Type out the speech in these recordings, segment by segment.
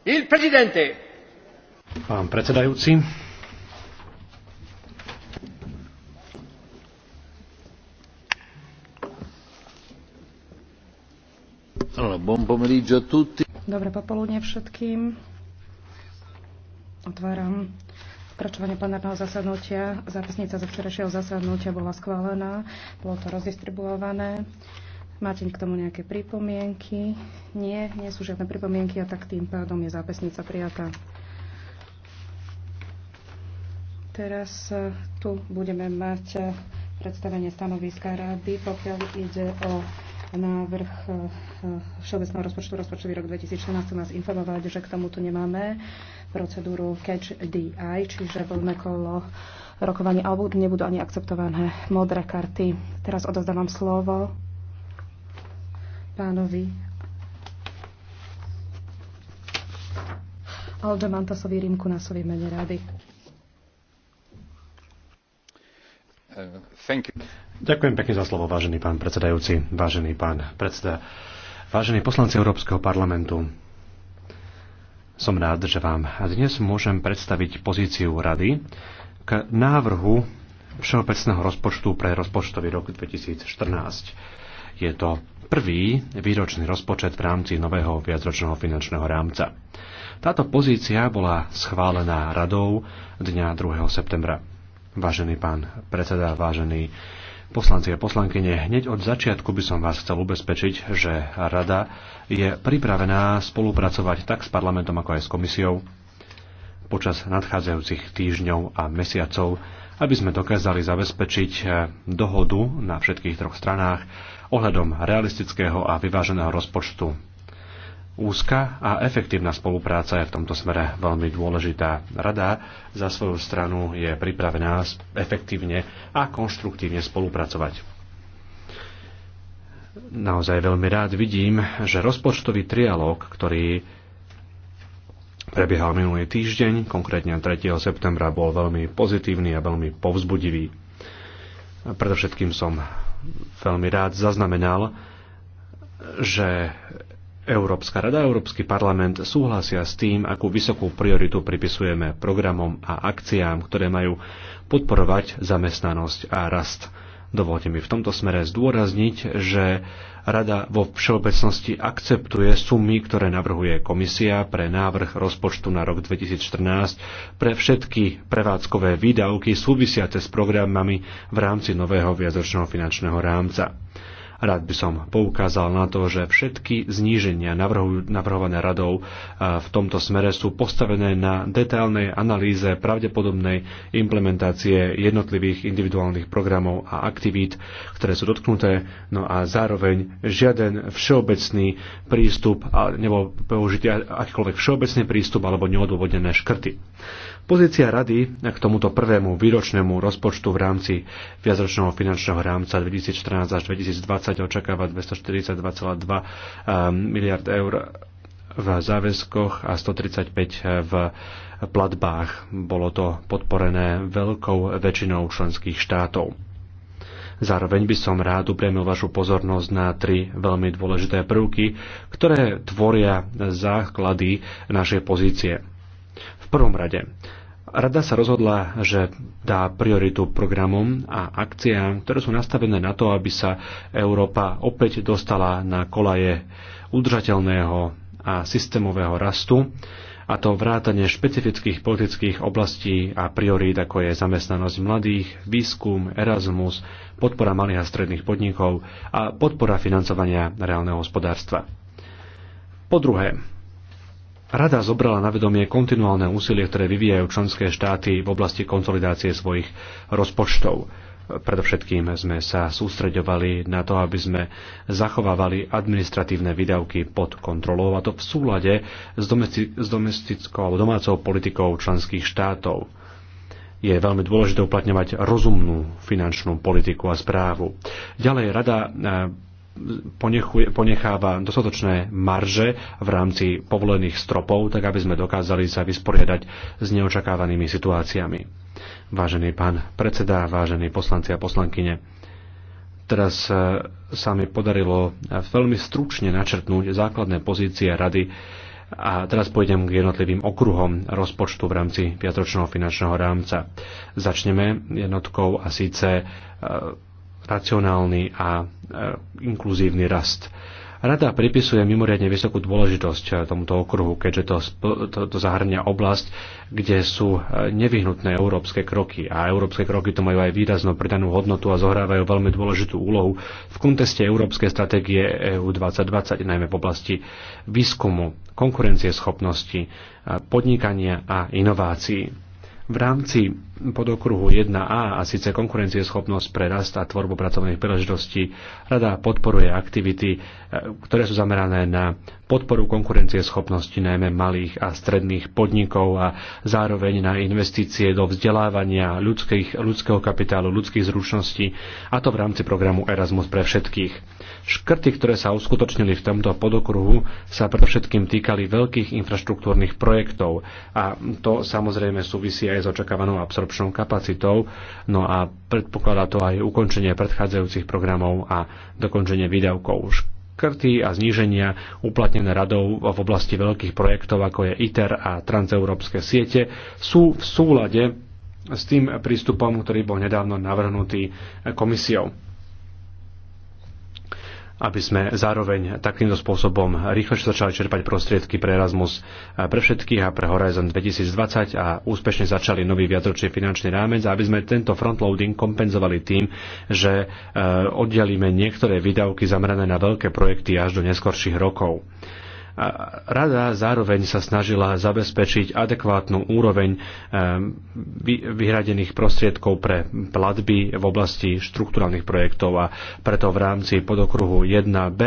Il presidente. Pán predsedajúci. Dobre popoludne všetkým. Otváram pokračovanie plenárneho zasadnutia. Zápisnica zo včerajšieho zasadnutia bola schválená, bolo to rozdistribuované. Máte k tomu nejaké pripomienky? Nie, nie sú žiadne pripomienky a tak tým pádom je zápisnica prijatá. Teraz e, tu budeme mať e, predstavenie stanoviska rady, pokiaľ ide o návrh e, Všeobecného rozpočtu rozpočtový rok 2014 nás informovať, že k tomuto nemáme procedúru catch DI, čiže voľné kolo rokovania, alebo nebudú ani akceptované modré karty. Teraz odozdávam slovo pánovi Aldo Mantasovi Rímku na svojej mene rady. Uh, Ďakujem pekne za slovo, vážený pán predsedajúci, vážený pán predseda, vážení poslanci Európskeho parlamentu. Som rád, že vám dnes môžem predstaviť pozíciu rady k návrhu všeobecného rozpočtu pre rozpočtový rok 2014. Je to prvý výročný rozpočet v rámci nového viacročného finančného rámca. Táto pozícia bola schválená radou dňa 2. septembra. Vážený pán predseda, vážený Poslanci a poslankyne, hneď od začiatku by som vás chcel ubezpečiť, že Rada je pripravená spolupracovať tak s parlamentom, ako aj s komisiou počas nadchádzajúcich týždňov a mesiacov, aby sme dokázali zabezpečiť dohodu na všetkých troch stranách ohľadom realistického a vyváženého rozpočtu. Úzka a efektívna spolupráca je v tomto smere veľmi dôležitá. Rada za svoju stranu je pripravená efektívne a konštruktívne spolupracovať. Naozaj veľmi rád vidím, že rozpočtový trialóg, ktorý prebiehal minulý týždeň, konkrétne 3. septembra, bol veľmi pozitívny a veľmi povzbudivý. Predovšetkým som veľmi rád zaznamenal, že Európska rada a Európsky parlament súhlasia s tým, akú vysokú prioritu pripisujeme programom a akciám, ktoré majú podporovať zamestnanosť a rast. Dovolte mi v tomto smere zdôrazniť, že Rada vo všeobecnosti akceptuje sumy, ktoré navrhuje komisia pre návrh rozpočtu na rok 2014 pre všetky prevádzkové výdavky súvisiace s programami v rámci nového viacročného finančného rámca. Rád by som poukázal na to, že všetky zníženia navrhované radou e, v tomto smere sú postavené na detailnej analýze pravdepodobnej implementácie jednotlivých individuálnych programov a aktivít, ktoré sú dotknuté, no a zároveň žiaden všeobecný prístup nebo použitia akýkoľvek všeobecný prístup alebo neodôvodnené škrty. Pozícia rady k tomuto prvému výročnému rozpočtu v rámci viacročného finančného rámca 2014 až 2020 očakáva 242,2 ehm, miliard eur v záväzkoch a 135 v platbách. Bolo to podporené veľkou väčšinou členských štátov. Zároveň by som rád upriamil vašu pozornosť na tri veľmi dôležité prvky, ktoré tvoria základy našej pozície. V prvom rade Rada sa rozhodla, že dá prioritu programom a akciám, ktoré sú nastavené na to, aby sa Európa opäť dostala na kolaje udržateľného a systémového rastu, a to vrátanie špecifických politických oblastí a priorít, ako je zamestnanosť mladých, výskum, Erasmus, podpora malých a stredných podnikov a podpora financovania reálneho hospodárstva. Po druhé, Rada zobrala na vedomie kontinuálne úsilie, ktoré vyvíjajú členské štáty v oblasti konsolidácie svojich rozpočtov. Predovšetkým sme sa sústreďovali na to, aby sme zachovávali administratívne výdavky pod kontrolou, a to v súlade s, domestic- s domestickou alebo domácou politikou členských štátov je veľmi dôležité uplatňovať rozumnú finančnú politiku a správu. Ďalej rada e, ponecháva dostatočné marže v rámci povolených stropov, tak aby sme dokázali sa vysporiadať s neočakávanými situáciami. Vážený pán predseda, vážení poslanci a poslankyne, teraz e, sa mi podarilo e, veľmi stručne načrtnúť základné pozície rady a teraz pôjdem k jednotlivým okruhom rozpočtu v rámci piatročného finančného rámca. Začneme jednotkou a síce e, racionálny a e, inkluzívny rast. Rada pripisuje mimoriadne vysokú dôležitosť e, tomuto okruhu, keďže to, to, to zahrňa oblasť, kde sú e, nevyhnutné európske kroky. A európske kroky to majú aj výraznú pridanú hodnotu a zohrávajú veľmi dôležitú úlohu v konteste európskej stratégie EU 2020, najmä v oblasti výskumu, konkurencieschopnosti, podnikania a inovácií v rámci podokruhu 1a a síce konkurencieschopnosť pre rast a tvorbu pracovných príležitostí rada podporuje aktivity, e, ktoré sú zamerané na podporu konkurencieschopnosti najmä malých a stredných podnikov a zároveň na investície do vzdelávania ľudských, ľudského kapitálu, ľudských zručností a to v rámci programu Erasmus pre všetkých. Škrty, ktoré sa uskutočnili v tomto podokruhu, sa predovšetkým týkali veľkých infraštruktúrnych projektov a to samozrejme súvisí aj s očakávanou absorpčnou kapacitou, no a predpokladá to aj ukončenie predchádzajúcich programov a dokončenie výdavkov škrty a zníženia uplatnené radou v oblasti veľkých projektov ako je ITER a transeurópske siete sú v súlade s tým prístupom, ktorý bol nedávno navrhnutý komisiou aby sme zároveň takýmto spôsobom rýchlejšie začali čerpať prostriedky pre Erasmus e, pre všetkých a pre Horizon 2020 a úspešne začali nový viacročný finančný rámec, aby sme tento frontloading kompenzovali tým, že e, oddelíme niektoré výdavky zamerané na veľké projekty až do neskorších rokov. Rada zároveň sa snažila zabezpečiť adekvátnu úroveň ehm, vyhradených prostriedkov pre platby v oblasti štruktúrnych projektov a preto v rámci podokruhu 1b,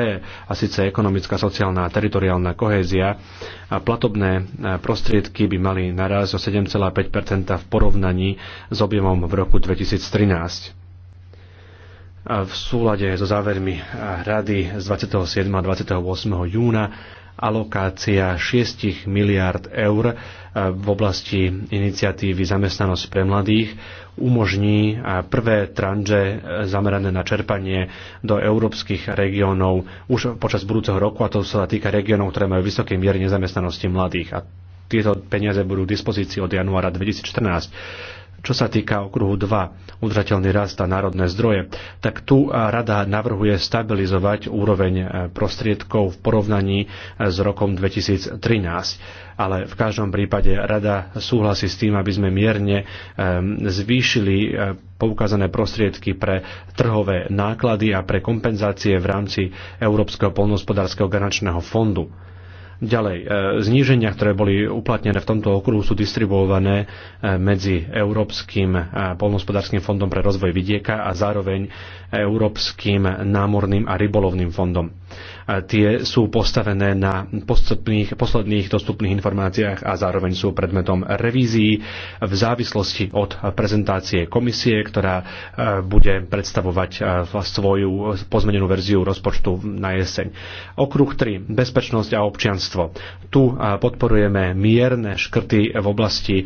a síce ekonomická, sociálna a teritoriálna kohézia, a platobné e, prostriedky by mali naraz o 7,5 v porovnaní s objemom v roku 2013 v súlade so závermi e, Rady z 27. a 28. júna alokácia 6 miliard eur eh, v oblasti iniciatívy Zamestnanosť pre mladých umožní eh, prvé tranže eh, zamerané na čerpanie do európskych regiónov už počas budúceho roku, a to sa týka regiónov, ktoré majú vysoké miery nezamestnanosti mladých. A tieto peniaze budú k dispozícii od januára 2014 čo sa týka okruhu 2, udržateľný rast a národné zdroje, tak tu rada navrhuje stabilizovať úroveň e, prostriedkov v porovnaní e, s rokom 2013 ale v každom prípade rada súhlasí s tým, aby sme mierne e, zvýšili poukázané prostriedky pre trhové náklady a pre kompenzácie v rámci Európskeho polnohospodárskeho garančného fondu. Ďalej, e, zníženia, ktoré boli uplatnené v tomto okruhu, sú distribuované e, medzi Európskym e, polnospodárským fondom pre rozvoj vidieka a zároveň Európskym námorným a rybolovným fondom. Tie sú postavené na postupných, posledných dostupných informáciách a zároveň sú predmetom revízií v závislosti od prezentácie komisie, ktorá e, bude predstavovať e, svoju pozmenenú verziu rozpočtu na jeseň. Okruh 3. Bezpečnosť a občianstvo. Tu e, podporujeme mierne škrty v oblasti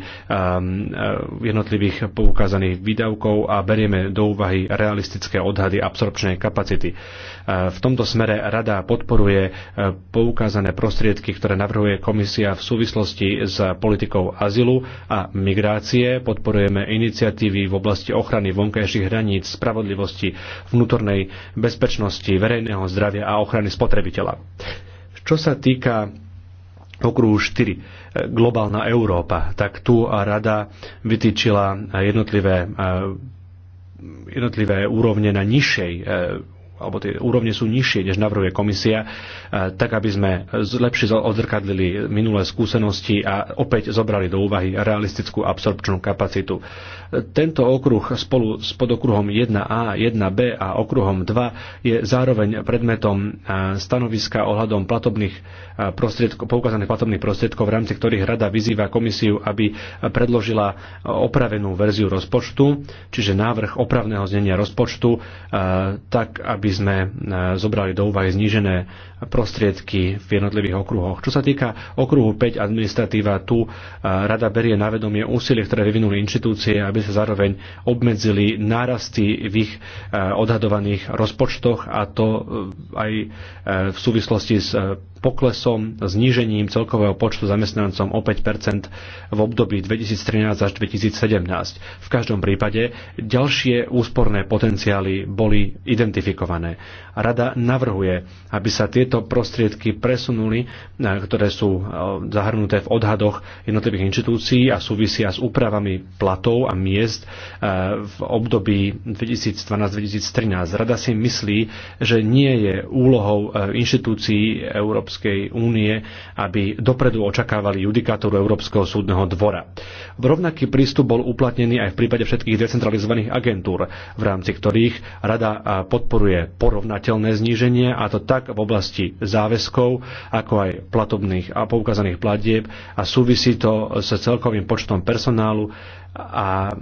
jednotlivých poukázaných výdavkov a berieme do úvahy realistické odhady absorpčnej kapacity. V tomto smere rada podporuje e, poukázané prostriedky, ktoré navrhuje komisia v súvislosti s politikou azylu a migrácie. Podporujeme iniciatívy v oblasti ochrany vonkajších hraníc, spravodlivosti, vnútornej bezpečnosti, verejného zdravia a ochrany spotrebiteľa. Čo sa týka okruhu 4, e, globálna Európa, tak tu rada vytýčila jednotlivé e, jednotlivé úrovne na nižšej alebo tie úrovne sú nižšie, než navrhuje komisia, e, tak aby sme lepšie odzrkadlili minulé skúsenosti a opäť zobrali do úvahy realistickú absorpčnú kapacitu. E, tento okruh spolu s podokruhom 1A, 1B a okruhom 2 je zároveň predmetom e, stanoviska ohľadom platobných prostriedkov, poukázaných platobných prostriedkov, v rámci ktorých rada vyzýva komisiu, aby predložila opravenú verziu rozpočtu, čiže návrh opravného znenia rozpočtu, tak aby aby sme e, zobrali do úvahy znížené prostriedky v jednotlivých okruhoch. Čo sa týka okruhu 5 administratíva, tu e, rada berie na vedomie úsilie, ktoré vyvinuli inštitúcie, aby sa zároveň obmedzili nárasty v ich e, odhadovaných rozpočtoch a to aj v súvislosti s poklesom, znížením celkového počtu zamestnancom o 5 v období 2013 až 2017. V každom prípade ďalšie úsporné potenciály boli identifikované. Rada navrhuje, aby sa tieto prostriedky presunuli, ktoré sú e, zahrnuté v odhadoch jednotlivých inštitúcií a súvisia s úpravami platov a miest e, v období 2012-2013. Rada si myslí, že nie je úlohou e, inštitúcií Európy Európskej únie, aby dopredu očakávali judikatúru Európskeho súdneho dvora. Rovnaký prístup bol uplatnený aj v prípade všetkých decentralizovaných agentúr, v rámci ktorých Rada podporuje porovnateľné zníženie, a to tak v oblasti záväzkov, ako aj platobných a poukazaných platieb a súvisí to s celkovým počtom personálu, a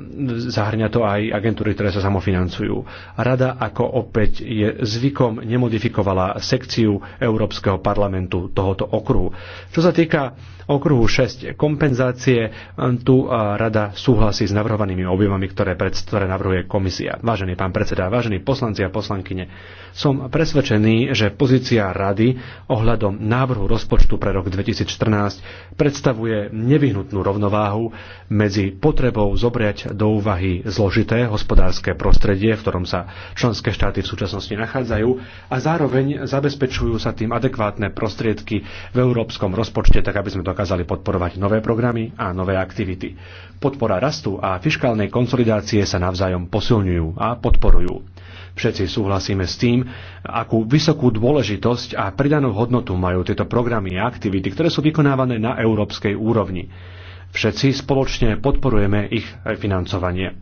zahrňa to aj agentúry, ktoré sa samofinancujú. Rada, ako opäť je zvykom, nemodifikovala sekciu Európskeho parlamentu tohoto okruhu. Čo sa týka okruhu 6 kompenzácie. Tu e, rada súhlasí s navrhovanými objemami, ktoré, pred, ktoré navrhuje komisia. Vážený pán predseda, vážení poslanci a poslankyne, som presvedčený, že pozícia rady ohľadom návrhu rozpočtu pre rok 2014 predstavuje nevyhnutnú rovnováhu medzi potrebou zobrať do úvahy zložité hospodárske prostredie, v ktorom sa členské štáty v súčasnosti nachádzajú a zároveň zabezpečujú sa tým adekvátne prostriedky v európskom rozpočte, tak aby sme to dokázali podporovať nové programy a nové aktivity. Podpora rastu a fiskálnej konsolidácie sa navzájom posilňujú a podporujú. Všetci súhlasíme s tým, akú vysokú dôležitosť a pridanú hodnotu majú tieto programy a aktivity, ktoré sú vykonávané na európskej úrovni. Všetci spoločne podporujeme ich financovanie.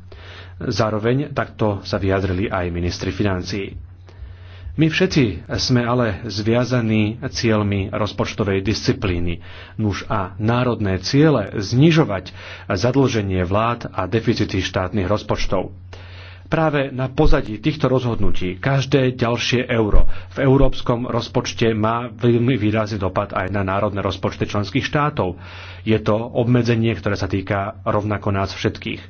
Zároveň takto sa vyjadrili aj ministri financií. My všetci sme ale zviazaní cieľmi rozpočtovej disciplíny. Nuž a národné ciele znižovať zadlženie vlád a deficity štátnych rozpočtov. Práve na pozadí týchto rozhodnutí každé ďalšie euro v európskom rozpočte má veľmi výrazný dopad aj na národné rozpočty členských štátov. Je to obmedzenie, ktoré sa týka rovnako nás všetkých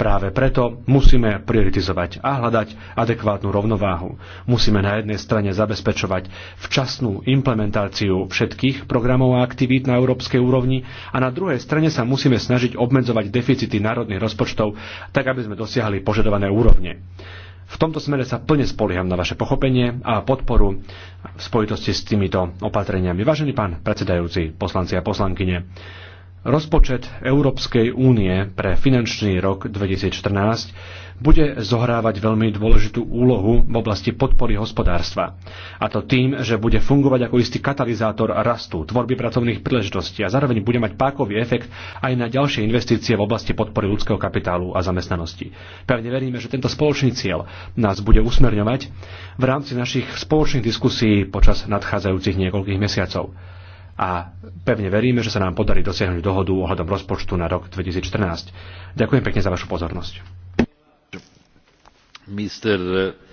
Práve preto musíme prioritizovať a hľadať adekvátnu rovnováhu. Musíme na jednej strane zabezpečovať včasnú implementáciu všetkých programov a aktivít na európskej úrovni a na druhej strane sa musíme snažiť obmedzovať deficity národných rozpočtov tak, aby sme dosiahli požadované úrovne. V tomto smere sa plne spolieham na vaše pochopenie a podporu v spojitosti s týmito opatreniami. Vážený pán predsedajúci, poslanci a poslankyne, Rozpočet Európskej únie pre finančný rok 2014 bude zohrávať veľmi dôležitú úlohu v oblasti podpory hospodárstva. A to tým, že bude fungovať ako istý katalizátor rastu, tvorby pracovných príležitostí a zároveň bude mať pákový efekt aj na ďalšie investície v oblasti podpory ľudského kapitálu a zamestnanosti. Pevne veríme, že tento spoločný cieľ nás bude usmerňovať v rámci našich spoločných diskusí počas nadchádzajúcich niekoľkých mesiacov a pevne veríme, že sa nám podarí dosiahnuť dohodu ohľadom rozpočtu na rok 2014. Ďakujem pekne za vašu pozornosť. Mister... Eh,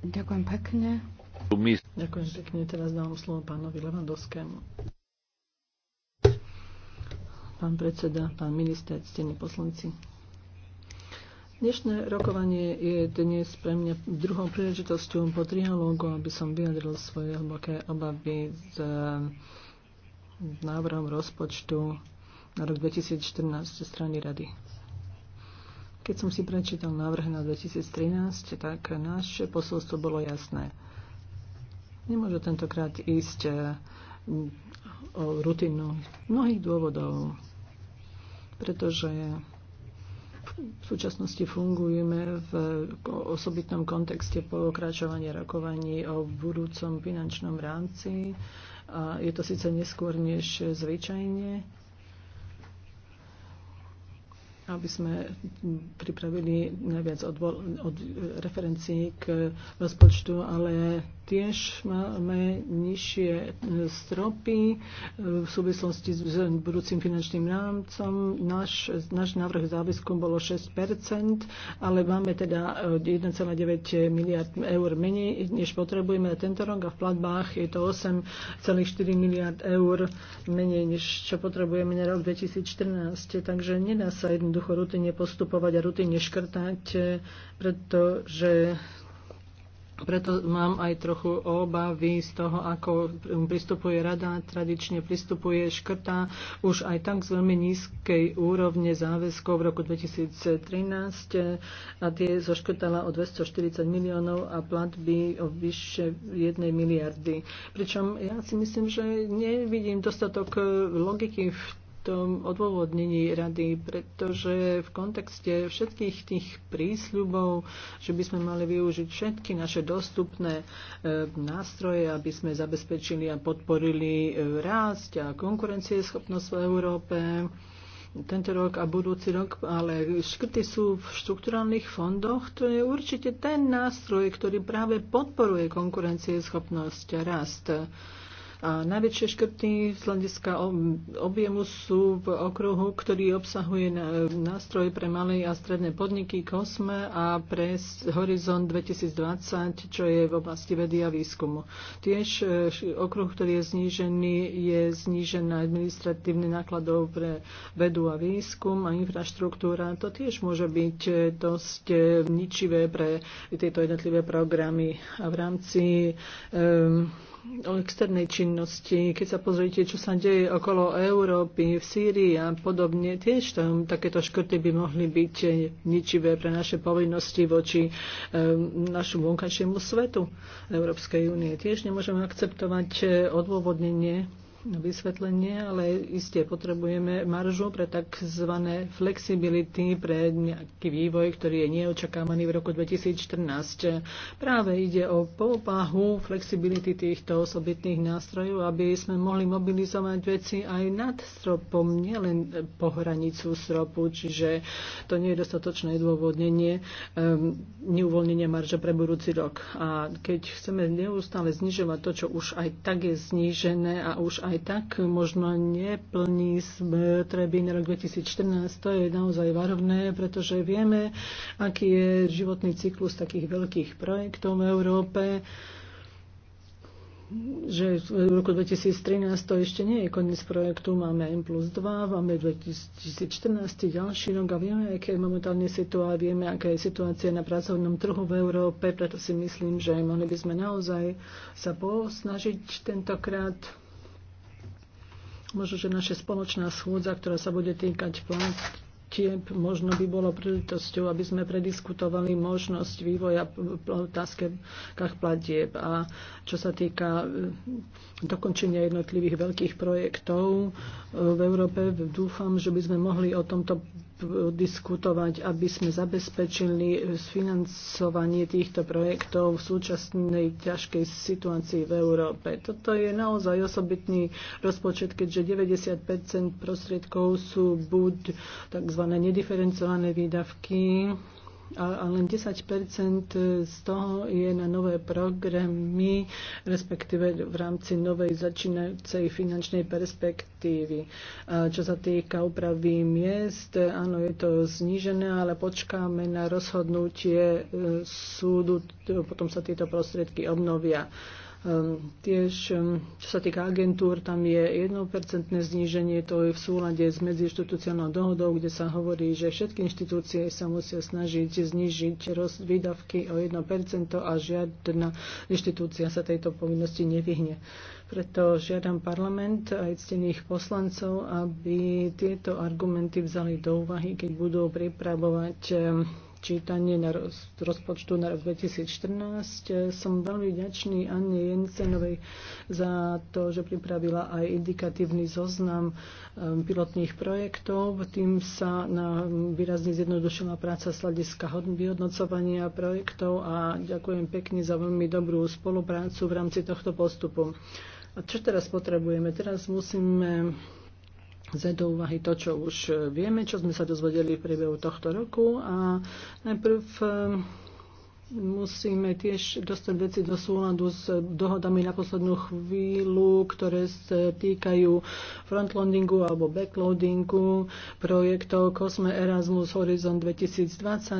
Ďakujem pekne. Ďakujem pekne. Teraz dávam slovo pánovi Levandovskému. Pán predseda, pán minister, ctení poslanci. Dnešné rokovanie je dnes pre mňa druhou príležitosťou po trialógu, aby som vyjadril svoje hlboké obavy s eh, návrhom rozpočtu na rok 2014 ze strany Rady. Keď som si prečítal návrh na 2013, tak naše posolstvo bolo jasné. Nemôže tentokrát ísť eh, o rutinu mnohých dôvodov, pretože v súčasnosti fungujeme v osobitnom kontexte pokračovania rokovaní o budúcom finančnom rámci. A je to síce neskôr než zvyčajne, aby sme pripravili najviac od referencií k rozpočtu, ale tiež máme nižšie e, stropy e, v súvislosti s budúcim finančným rámcom. Náš, náš návrh záväzku bolo 6 ale máme teda 1,9 e, miliard eur menej, než potrebujeme tento rok a v platbách je to 8,4 miliard eur menej, než čo potrebujeme na rok 2014. Takže nedá sa jednoducho rutine postupovať a rutine škrtať, pretože preto mám aj trochu obavy z toho, ako pristupuje rada, tradične pristupuje škrta už aj tak z veľmi nízkej úrovne záväzkov v roku 2013 a tie zoškrtala o 240 miliónov a platby o vyššie 1 miliardy. Pričom ja si myslím, že nevidím dostatok logiky v tom odôvodnení rady, pretože v kontexte všetkých tých prísľubov, že by sme mali využiť všetky naše dostupné e, nástroje, aby sme zabezpečili a podporili e, rásť a konkurencieschopnosť v Európe, tento rok a budúci rok, ale škrty sú v štrukturálnych fondoch, to je určite ten nástroj, ktorý práve podporuje konkurencieschopnosť a rast. A najväčšie škrty z hľadiska objemu sú v okruhu, ktorý obsahuje nástroj pre malé a stredné podniky COSME a pre Horizon 2020, čo je v oblasti vedy a výskumu. Tiež e, okruh, ktorý je znížený, je znížená administratívne nákladov pre vedu a výskum a infraštruktúra. To tiež môže byť e, dosť e, ničivé pre tieto jednotlivé programy. A v rámci um, o externej činnosti, keď sa pozrite, čo sa deje okolo Európy, v Sýrii a podobne, tiež tam takéto škrty by mohli byť ničivé pre naše povinnosti voči e, našu vonkajšiemu svetu Európskej únie. Tiež nemôžeme akceptovať e, odôvodnenie vysvetlenie, ale iste potrebujeme maržu pre tzv. flexibility, pre nejaký vývoj, ktorý je neočakávaný v roku 2014. Práve ide o povahu flexibility týchto osobitných nástrojov, aby sme mohli mobilizovať veci aj nad stropom, nielen po hranicu stropu, čiže to nie je dostatočné dôvodnenie um, ehm, neuvoľnenia marže pre budúci rok. A keď chceme neustále znižovať to, čo už aj tak je znížené a už aj aj tak možno neplní treby na rok 2014. To je naozaj varovné, pretože vieme, aký je životný cyklus takých veľkých projektov v Európe že v roku 2013 to ešte nie je koniec projektu, máme M plus 2, máme 2014 ďalší rok a vieme, aké je momentálne situácia, vieme, aká je situácia na pracovnom trhu v Európe, preto si myslím, že mohli by sme naozaj sa posnažiť tentokrát Možno, že naša spoločná schôdza, ktorá sa bude týkať platieb, možno by bolo príležitosťou, aby sme prediskutovali možnosť vývoja v otázkach platieb. A čo sa týka e, dokončenia jednotlivých veľkých projektov e, v Európe, dúfam, že by sme mohli o tomto diskutovať, aby sme zabezpečili financovanie týchto projektov v súčasnej ťažkej situácii v Európe. Toto je naozaj osobitný rozpočet, keďže 95 prostriedkov sú buď tzv. nediferencované výdavky, a len 10 z toho je na nové programy, respektíve v rámci novej začínajúcej finančnej perspektívy. Čo sa týka úpravy miest, áno, je to znížené, ale počkáme na rozhodnutie e, súdu, potom sa tieto prostriedky obnovia. Ehm, tiež, ehm, čo sa týka agentúr, tam je jednopercentné zníženie, to je v súlade s medziinstitucionálnou dohodou, kde sa hovorí, že všetky inštitúcie sa musia snažiť znížiť rost výdavky o 1% a žiadna inštitúcia sa tejto povinnosti nevyhne. Preto žiadam parlament aj ctených poslancov, aby tieto argumenty vzali do úvahy, keď budú pripravovať ehm, čítanie na roz, rozpočtu na rok 2014. Som veľmi vďačný Anne Jensenovej za to, že pripravila aj indikatívny zoznam um, pilotných projektov. Tým sa na, výrazne zjednodušila práca z vyhodnocovania projektov a ďakujem pekne za veľmi dobrú spoluprácu v rámci tohto postupu. A čo teraz potrebujeme? Teraz musíme vziať do úvahy to, čo už eh, vieme, čo sme sa dozvedeli v priebehu tohto roku. A najprv eh, musíme tiež dostať veci do súladu s dohodami na poslednú chvíľu, ktoré sa týkajú frontloadingu alebo backloadingu projektov Cosme Erasmus Horizon 2020.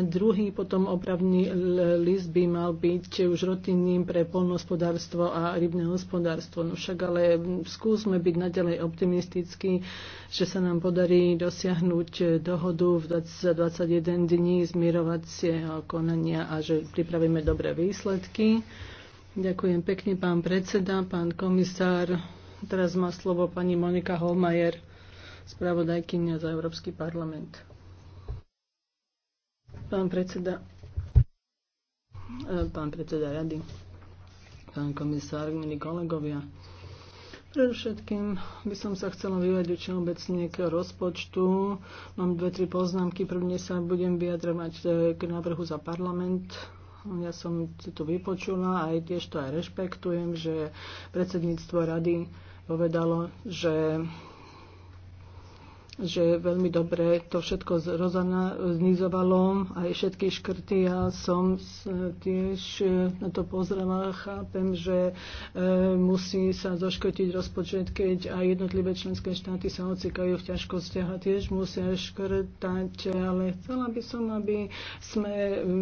Druhý potom opravný list by mal byť už rutinným pre polnospodárstvo a rybné hospodárstvo. No však ale skúsme byť naďalej optimistickí, že sa nám podarí dosiahnuť dohodu v 21 dní zmierovacieho konania a že pripravíme dobré výsledky. Ďakujem pekne, pán predseda, pán komisár. Teraz má slovo pani Monika Holmajer, spravodajkynia za Európsky parlament. Pán predseda, eh, pán predseda rady, pán komisár, milí kolegovia, všetkým by som sa chcela vyjadriť obecne k rozpočtu. Mám dve, tri poznámky. Prvne sa budem vyjadrovať eh, k návrhu za parlament ja som si to vypočula a tiež to aj rešpektujem, že predsedníctvo rady povedalo, že že veľmi dobre to všetko znizovalo aj všetky škrty. Ja som e, tiež e, na to pozrela, chápem, že e, musí sa zoškrtiť rozpočet, keď aj jednotlivé členské štáty sa ocikajú v ťažkostiach a tiež musia škrtať, ale chcela by som, aby sme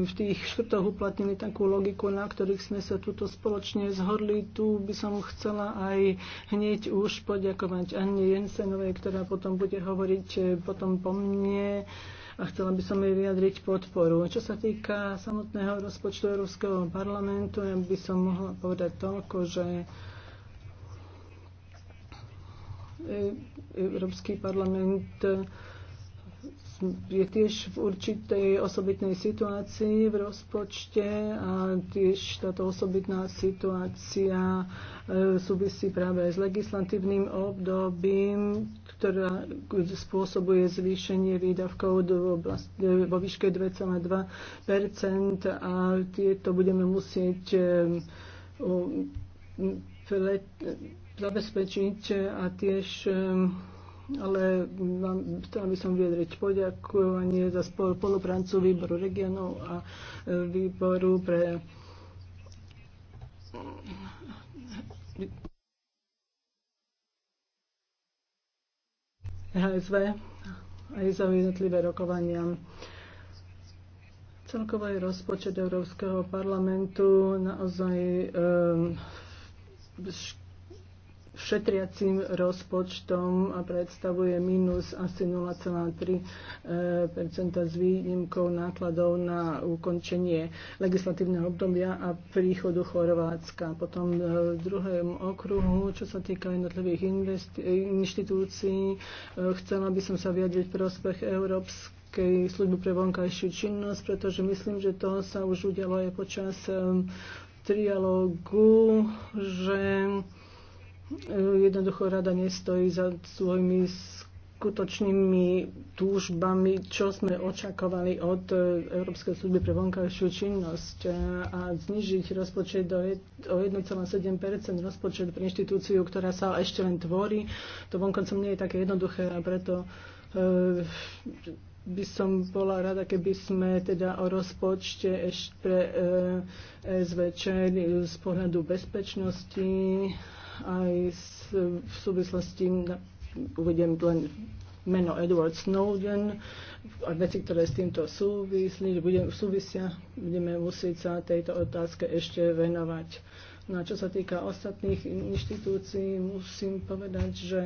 v tých škrtoch uplatnili takú logiku, na ktorých sme sa tuto spoločne zhodli. Tu by som chcela aj hneď už poďakovať Anne Jensenovej, ktorá potom bude hovoriť hovoriť eh, potom po mne a chcela by som jej vyjadriť podporu. Čo sa týka samotného rozpočtu Európskeho parlamentu, ja by som mohla povedať toľko, že eh, Európsky parlament je tiež v určitej osobitnej situácii v rozpočte a tiež táto osobitná situácia e, súvisí práve s legislatívnym obdobím, ktorá spôsobuje zvýšenie výdavkov e, vo výške 2,2 a tieto budeme musieť e, zabezpečiť a tiež ale vám, chcela by som vyjadriť poďakovanie za spoluprácu výboru regionov a e, výboru pre HSV aj za jednotlivé rokovania. Celkový rozpočet Európskeho parlamentu naozaj um, šetriacím rozpočtom a predstavuje minus asi 0,3 z výnimkou nákladov na ukončenie legislatívneho obdobia a príchodu Chorvátska. Potom e, v druhom okruhu, čo sa týka jednotlivých inštitúcií, e, chcela by som sa vyjadriť prospech Európskej Európskej služby pre vonkajšiu činnosť, pretože myslím, že to sa už udialo aj počas um, trialógu, že Eh, jednoducho rada nestojí za svojimi skutočnými túžbami, čo sme očakovali od eh, Európskej služby pre vonkajšiu činnosť eh, a znižiť rozpočet do, o 1,7 rozpočet pre inštitúciu, ktorá sa ešte len tvorí. To vonkoncom nie je také jednoduché a preto by som bola rada, keby sme teda o rozpočte ešte pre SVČ z pohľadu bezpečnosti aj s, v súvislosti, uvediem len meno Edward Snowden a veci, ktoré s týmto súvisli, budem, súvisia, budeme musieť sa tejto otázke ešte venovať. No a čo sa týka ostatných inštitúcií, musím povedať, že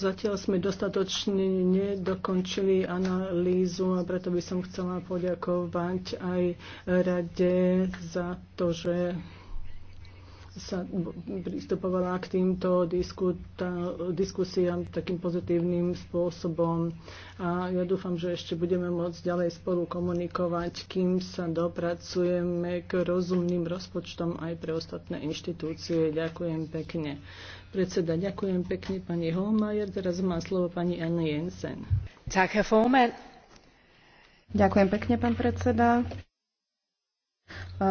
Zatiaľ sme dostatočne nedokončili analýzu a preto by som chcela poďakovať aj rade za to, že sa pristupovala k týmto diskusiám takým pozitívnym spôsobom. A ja dúfam, že ešte budeme môcť ďalej spolu komunikovať, kým sa dopracujeme k rozumným rozpočtom aj pre ostatné inštitúcie. Ďakujem pekne. Predseda, ďakujem pekne pani Holmajer. Teraz má slovo pani Anne Jensen. Ďakujem pekne, pán predseda.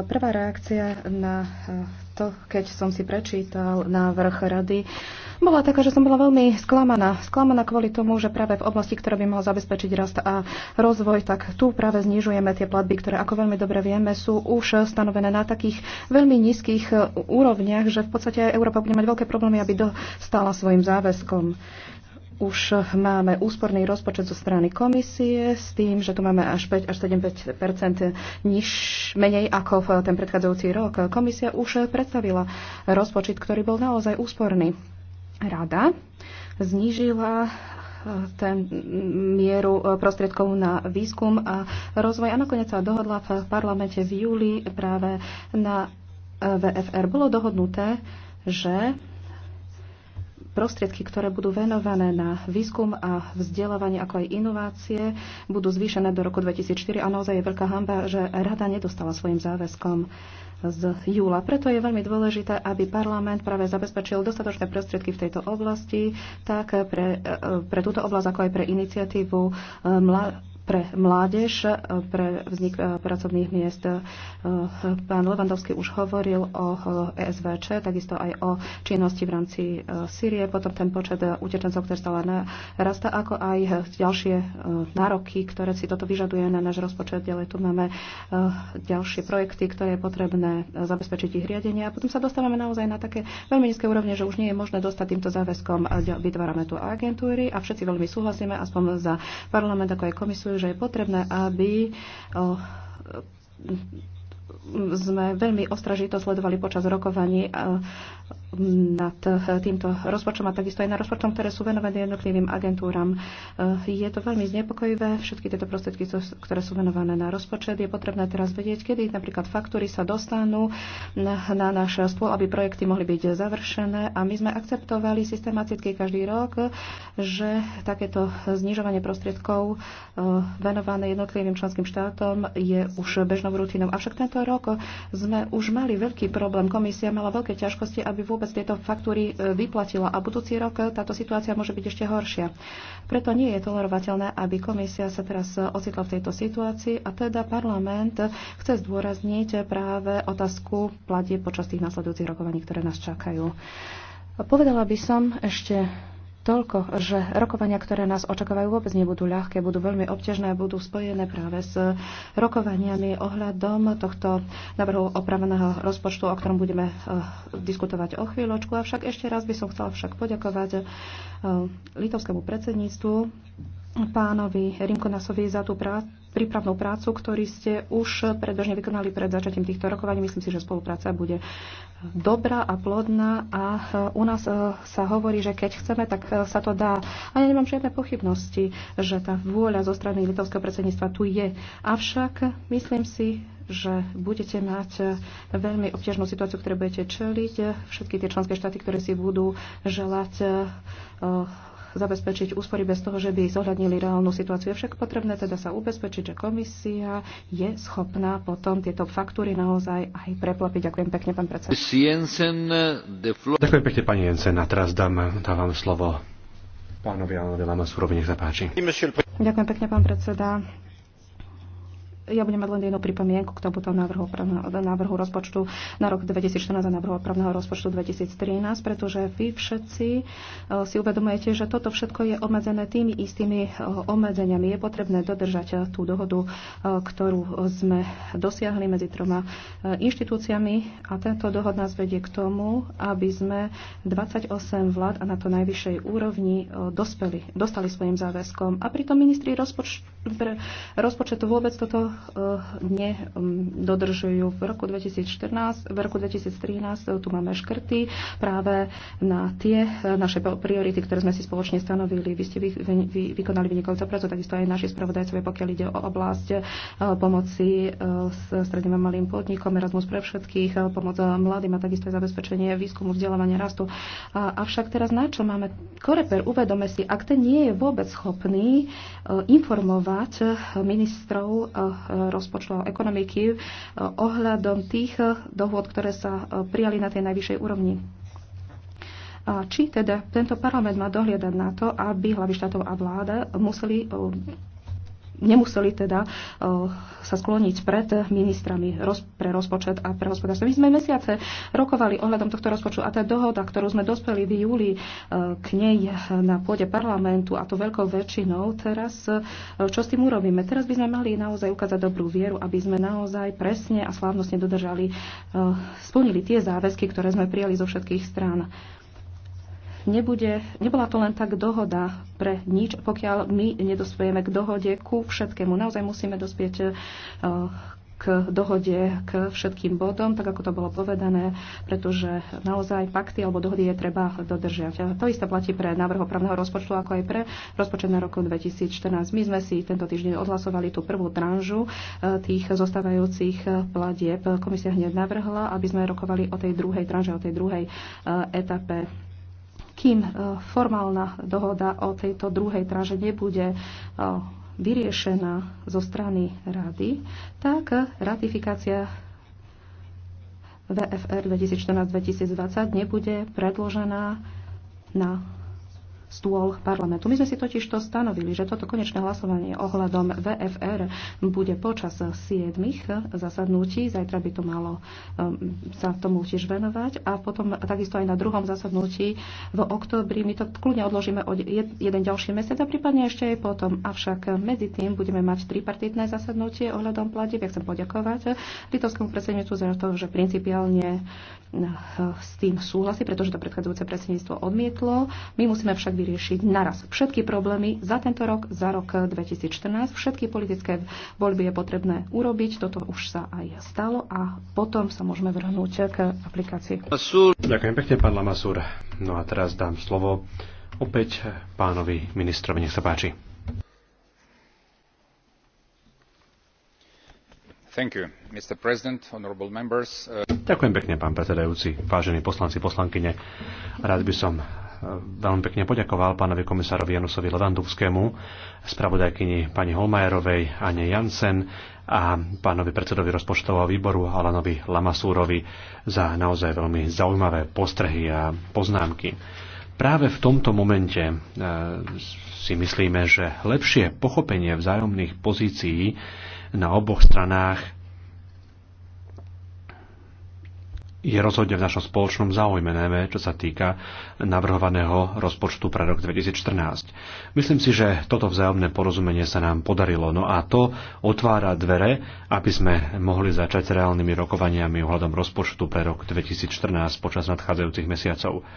Prvá reakcia na e, to, keď som si prečítal návrh rady, bola taká, že som bola veľmi sklamaná. Sklamaná kvôli tomu, že práve v oblasti, ktorá by mohla zabezpečiť rast a rozvoj, tak tu práve znižujeme tie platby, ktoré, ako veľmi dobre vieme, sú už stanovené na takých veľmi nízkych úrovniach, že v podstate Európa bude mať veľké problémy, aby dostala svojim záväzkom už máme úsporný rozpočet zo strany komisie s tým, že tu máme až 5 až 7 niž, menej ako v ten predchádzajúci rok. Komisia už predstavila rozpočet, ktorý bol naozaj úsporný. Rada znížila eh, ten mieru eh, prostriedkov na výskum a rozvoj a nakoniec sa dohodla v parlamente v júli práve na eh, VFR. Bolo dohodnuté, že prostriedky, ktoré budú venované na výskum a vzdelávanie, ako aj inovácie, budú zvýšené do roku 2004 a naozaj je veľká hamba, že rada nedostala svojim záväzkom z júla. Preto je veľmi dôležité, aby parlament práve zabezpečil dostatočné prostriedky v tejto oblasti, tak pre, e, pre túto oblasť, ako aj pre iniciatívu e, mla, pre mládež, e, pre vznik e, pracovných miest. E, pán Levandovský už hovoril o ESVČ, takisto aj o činnosti v rámci Sýrie, potom ten počet utečencov, ktorý stále narasta, ako aj ďalšie nároky, ktoré si toto vyžaduje na náš rozpočet. Ďalej tu máme ďalšie projekty, ktoré je potrebné zabezpečiť ich riadenie. A potom sa dostávame naozaj na také veľmi nízke úrovne, že už nie je možné dostať týmto záväzkom. Vytvárame tu agentúry a všetci veľmi súhlasíme, aspoň za parlament, ako aj komisiu, že je potrebné, aby sme veľmi ostražito sledovali počas rokovaní nad eh, týmto rozpočtom a takisto aj na rozpočtom, ktoré sú venované jednotlivým agentúram. Eh, je to veľmi znepokojivé, všetky tieto prostriedky, ktoré sú venované na rozpočet, je potrebné teraz vedieť, kedy napríklad faktúry sa dostanú eh, na náš spôl, aby projekty mohli byť završené a my sme akceptovali systematicky každý rok, že takéto znižovanie prostriedkov venované jednotlivým členským štátom je už bežnou rutinou. Avšak tento rok sme už mali veľký problém. Komisia mala veľké ťažkosti, aby vôbec vôbec tieto faktúry e, vyplatila a budúci rok e, táto situácia môže byť ešte horšia. Preto nie je tolerovateľné, aby komisia sa teraz e, ocitla v tejto situácii a teda parlament chce zdôrazniť práve otázku platie počas tých nasledujúcich rokovaní, ktoré nás čakajú. Povedala by som ešte toľko, že rokovania, ktoré nás očakávajú, vôbec nebudú ľahké, budú veľmi obťažné a budú spojené práve s rokovaniami ohľadom tohto návrhu opraveného rozpočtu, o ktorom budeme eh, diskutovať o chvíľočku. Avšak ešte raz by som chcela však poďakovať eh, litovskému predsedníctvu, pánovi Rimkonasovi za tú prácu, prípravnú prácu, ktorý ste už predbežne vykonali pred začiatím týchto rokovaní. Myslím si, že spolupráca bude dobrá a plodná a e, u nás e, sa hovorí, že keď chceme, tak e, sa to dá. A ja nemám žiadne pochybnosti, že tá vôľa zo strany litovského predsedníctva tu je. Avšak myslím si, že budete mať veľmi obťažnú situáciu, ktoré budete čeliť. Všetky tie členské štáty, ktoré si budú želať zabezpečiť úspory bez toho, že by zohľadnili reálnu situáciu. Je však potrebné teda sa ubezpečiť, že komisia je schopná potom tieto faktúry naozaj aj preplapiť. Ďakujem pekne, pán predseda. Ďakujem pekne, pani Jensen. A teraz dám, dávam slovo pánovi Alanovi Lamasurovi. Nech sa páči. Ďakujem pekne, pán predseda ja budem mať len jednu pripomienku k tomuto návrhu, návrhu rozpočtu na rok 2014 a návrhu opravného rozpočtu 2013, pretože vy všetci e, si uvedomujete, že toto všetko je obmedzené tými istými e, obmedzeniami. Je potrebné dodržať e, tú dohodu, ktorú sme dosiahli medzi troma inštitúciami a tento dohod nás vedie k tomu, aby sme 28 vlád a na to najvyššej úrovni dospeli, dostali svojim záväzkom. A pritom ministri rozpoč, rozpočet vôbec toto Eh, dodržujú. V roku 2014, v roku 2013 tu máme škrty práve na tie eh, naše priority, ktoré sme si spoločne stanovili. Vy ste vy, vy, vy, vykonali vynikajúcu prácu, takisto aj naši spravodajcovia, pokiaľ ide o oblasť eh, pomoci s stredným a malým podnikom, Erasmus pre všetkých, pomoc mladým a takisto aj zabezpečenie výskumu, vzdelávania, rastu. A, avšak teraz na čo máme koreper? Uvedome si, ak ten nie je vôbec schopný informovať ministrov rozpočtov ekonomiky eh, ohľadom tých eh, dohôd, ktoré sa eh, prijali na tej najvyššej úrovni. A Či teda tento parlament má dohliadať na to, aby hlavy štátov a vláda museli nemuseli teda eh, sa skloniť pred ministrami pre rozpočet a pre hospodárstvo. My sme mesiace rokovali ohľadom tohto rozpočtu a tá dohoda, ktorú sme dospeli v júli eh, k nej na pôde parlamentu a to veľkou väčšinou, teraz eh, čo s tým urobíme? Teraz by sme mali naozaj ukázať dobrú vieru, aby sme naozaj presne a slávnostne dodržali, splnili tie záväzky, ktoré sme prijali zo všetkých strán. Nebude, nebola to len tak dohoda pre nič, pokiaľ my nedospieme k dohode, ku všetkému. Naozaj musíme dospieť eh, k dohode, k všetkým bodom, tak ako to bolo povedané, pretože naozaj pakty alebo dohody je treba dodržiať. A to isté platí pre návrh opravného rozpočtu, ako aj pre rozpočet na roku 2014. My sme si tento týždeň odhlasovali tú prvú tranžu eh, tých zostávajúcich eh, platieb. Komisia hneď navrhla, aby sme rokovali o tej druhej tranže, o tej druhej etape kým e, formálna dohoda o tejto druhej tráže nebude e, vyriešená zo strany rady, tak ratifikácia VFR 2014-2020 nebude predložená na stôl parlamentu. My sme si totiž to stanovili, že toto konečné hlasovanie ohľadom VFR bude počas siedmých zasadnutí, zajtra by to malo um, sa tomu tiež venovať a potom takisto aj na druhom zasadnutí v oktobri my to kľudne odložíme o jed, jeden ďalší mesiac a prípadne ešte aj potom. Avšak medzi tým budeme mať tripartitné zasadnutie ohľadom platieb. Ja chcem poďakovať litovskému predsedníctvu za to, že principiálne eh, s tým súhlasí, pretože to predchádzajúce predsedníctvo odmietlo. My musíme však vyriešiť naraz všetky problémy za tento rok, za rok 2014. Všetky politické voľby je potrebné urobiť. Toto už sa aj stalo a potom sa môžeme vrhnúť k aplikácii. Ďakujem pekne, pán Lamasúr. No a teraz dám slovo opäť pánovi ministrovi. Nech sa páči. You, Ďakujem pekne, pán predsedajúci, vážení poslanci, poslankyne. Rád by som veľmi pekne poďakoval pánovi komisárovi Janusovi Levandovskému, spravodajkyni pani Holmajerovej, Ane Jansen a pánovi predsedovi rozpočtového výboru Alanovi Lamasúrovi za naozaj veľmi zaujímavé postrehy a poznámky. Práve v tomto momente e, si myslíme, že lepšie pochopenie vzájomných pozícií na oboch stranách je rozhodne v našom spoločnom záujme, najmä čo sa týka navrhovaného rozpočtu pre rok 2014. Myslím si, že toto vzájomné porozumenie sa nám podarilo, no a to otvára dvere, aby sme mohli začať s reálnymi rokovaniami ohľadom rozpočtu pre rok 2014 počas nadchádzajúcich mesiacov.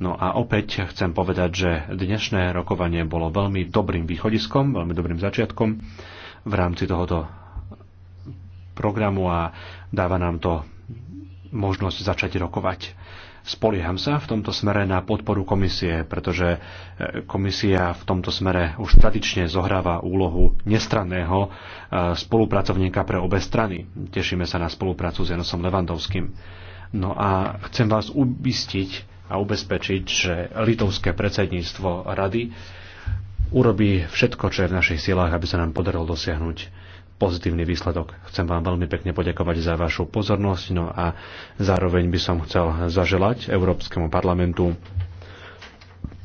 No a opäť chcem povedať, že dnešné rokovanie bolo veľmi dobrým východiskom, veľmi dobrým začiatkom v rámci tohoto programu a dáva nám to možnosť začať rokovať. Spolieham sa v tomto smere na podporu komisie, pretože e, komisia v tomto smere už tradične zohráva úlohu nestranného e, spolupracovníka pre obe strany. Tešíme sa na spoluprácu s Janosom Levandovským. No a chcem vás ubistiť a ubezpečiť, že litovské predsedníctvo rady urobí všetko, čo je v našich silách, aby sa nám podarilo dosiahnuť pozitívny výsledok. Chcem vám veľmi pekne poďakovať za vašu pozornosť no a zároveň by som chcel zaželať Európskemu parlamentu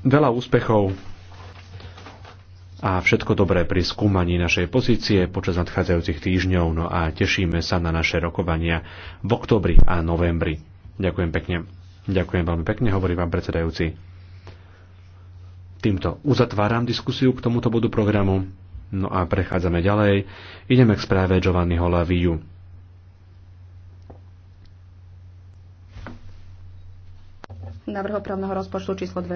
veľa úspechov a všetko dobré pri skúmaní našej pozície počas nadchádzajúcich týždňov no a tešíme sa na naše rokovania v oktobri a novembri. Ďakujem pekne. Ďakujem veľmi pekne, hovorí vám predsedajúci. Týmto uzatváram diskusiu k tomuto bodu programu No a prechádzame ďalej. Ideme k správe Giovanniho Laviu. Navrhoprávneho rozpočtu číslo 2